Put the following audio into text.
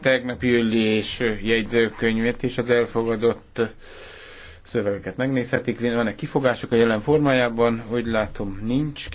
tegnapi ülés jegyzőkönyvét és az elfogadott szövegeket megnézhetik. Van-e kifogások a jelen formájában? Úgy látom, nincs.